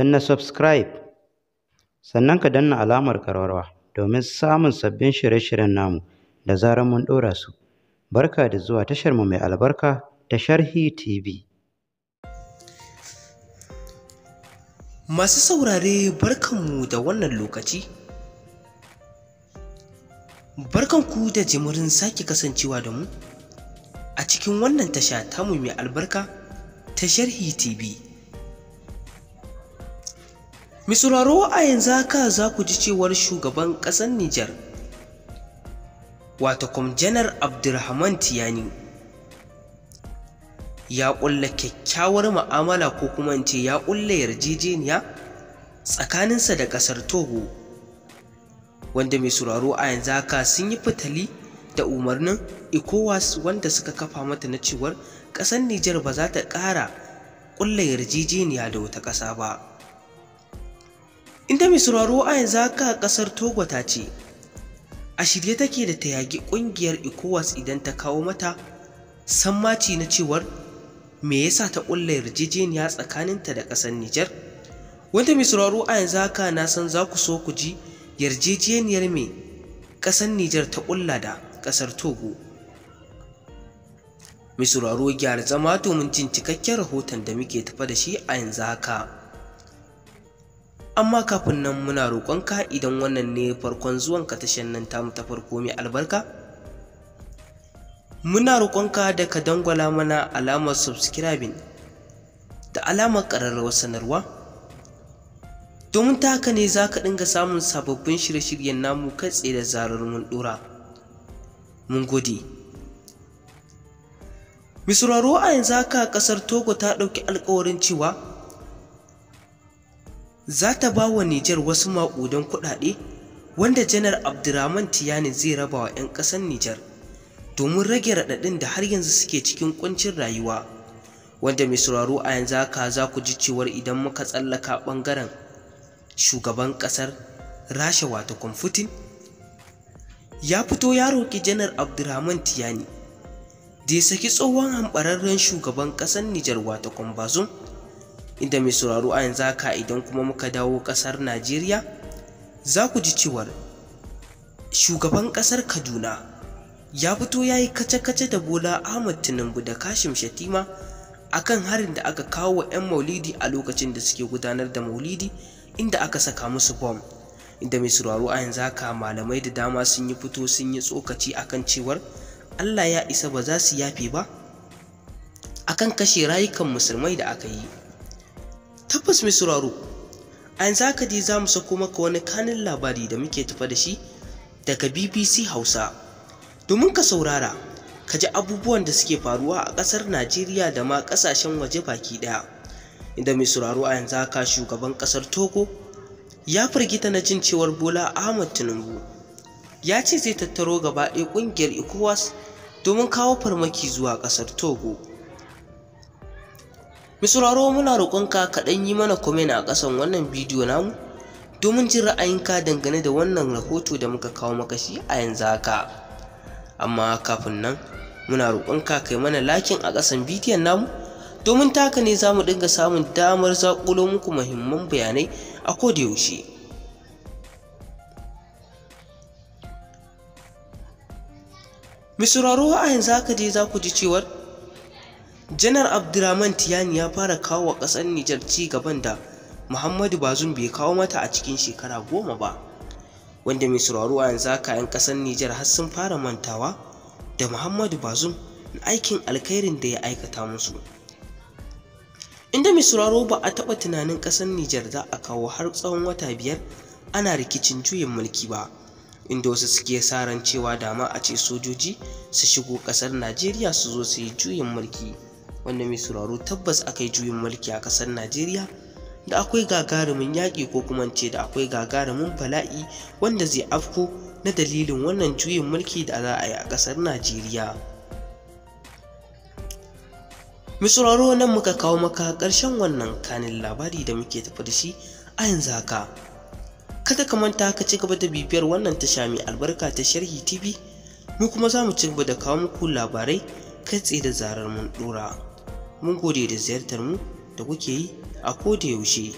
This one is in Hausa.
na subscribe sannan ka danna alamar karwarwa domin samun sabbin shirye-shiryen namu da zarar mun ɗora su barka da zuwa tashar mu mai albarka ta sharhi tv masu saurare barkanmu da wannan lokaci barkanku da jimirin sake kasancewa da mu a cikin wannan tasha tamu mai albarka ta sharhi tv Mai sauraro a yanzu haka za ku ji cewar shugaban ƙasar Nijar, wata kwamjanar Abdulrahman Tiyani, ya ƙulla kyakkyawar ma'amala ko kuma ce ya ƙulla yarjejeniya tsakaninsa da ƙasar Togo, wanda mai sauraro a yanzu haka sun yi fitali da umarnin ECOWAS wanda suka kafa mata na cewar ƙasar Nijar ba za ta ƙara ƙulla yarjejeniya da wata ƙasa ba. inda mai sauraro a yanzu haka kasar togo ta ce a shirye take da ta yagi kungiyar ecowas idan ta kawo mata sammaci na cewar me yasa ta ƙulla yarjejeniya tsakaninta da ƙasar nijar wanda mai sauraro a yanzu haka na san za ku so ku ji yarjejeniyar me ƙasar nijar ta ƙulla da ƙasar togo mai sauraro gyara zama domin jin cikakken rahoton da muke tafa da shi a yanzu haka amma kafin nan muna roƙonka idan wannan ne farkon ka tashan nan tamu ta farko mai albarka muna roƙonka da ka dangwala mana alamar subscribing da alamar ƙararrawar sanarwa domin ta haka ne za ka dinga samun sababbin shirye-shiryen namu kai tsaye da zarar mun ɗora mun gode misraro a yanzu haka ƙasar togo ta ɗauki alkawarin cewa za ta ba wa Nijar wasu maƙudan kuɗaɗe wanda janar Abdurrahman Tiyani zai raba wa 'yan ƙasar Nijar domin rage raɗaɗin da har yanzu suke cikin ƙuncin rayuwa wanda mai sauraro a yanzu haka za ku ji cewar idan muka tsallaka ɓangaren shugaban ƙasar Rasha wato Kwamfutin. ya fito ya roƙi janar Abdurrahman Tiyani da ya saki tsohon hamɓararren shugaban ƙasar Nijar wato Bazum inda mai sauraro a yanzu haka idan kuma muka dawo ƙasar najeriya za ku ji cewar shugaban ƙasar kaduna ya fito ya yi kace-kace da bola ahmad tinubu da kashim shatima akan harin da aka kawo wa 'yan maulidi a lokacin da suke gudanar da maulidi inda aka saka musu bom inda mai sauraro a yanzu haka malamai da dama sun yi fito sun yi tsokaci akan cewar allah ya isa ba za su yafe ba akan kashe rayukan musulmai da aka yi tabbas mai sauraro a yanzu haka dai za mu sako maka wani kanin labari da muke tafa da shi daga bbc hausa domin ka saurara ka ji abubuwan da suke faruwa a ƙasar najeriya da ma ƙasashen waje baki ɗaya inda mai sauraro a yanzu haka shugaban ƙasar togo ya firgita na jin cewar bola ahmad tinubu ya ce zai tattaro gaba ɗaya ƙungiyar ecowas domin kawo farmaki zuwa ƙasar togo Mai sauraro muna roƙonka ka ɗan yi mana komen a ƙasan wannan bidiyo namu domin jin ra'ayinka dangane da wannan rahoto da muka kawo maka shi a yanzu haka. Amma kafin nan muna roƙonka kai mana lakin a ƙasan bidiyon namu domin taka ne za mu dinga samun damar zaƙulo muku muhimman bayanai a yaushe. misuraro sauraro a yanzu haka dai za ku ji cewar janar abdulrahman tiyani ya fara kawo wa ƙasar nijar ci gaban da muhammadu bazum bai kawo mata a cikin shekara goma ba wanda mai sauraro a yanzu haka 'yan ƙasar nijar har sun fara mantawa da muhammadu bazum na aikin alkhairin da ya aikata musu inda mai sauraro ba a taɓa tunanin ƙasar nijar za a kawo har tsawon wata biyar ana rikicin juyin mulki ba inda wasu suke sa ran cewa dama a ce sojoji su shigo ƙasar najeriya su zo su yi juyin mulki wanda mai sauraro tabbas aka yi juyin mulki a ƙasar najeriya da akwai gagarumin yaƙi ko kuma ce da akwai gagarumin bala'i wanda zai afko na dalilin wannan juyin mulki da za a yi a ƙasar najeriya misuraro nan muka kawo maka ƙarshen wannan kanin labari da muke tafi da shi a yanzu haka kada ka manta ka ci gaba da bibiyar wannan tasha mai albarka ta sharhi tv mu kuma za mu ci gaba da kawo muku labarai kai tsaye da zarar mun dora mun gode da ziyartar mu da kuke yi a koda yaushe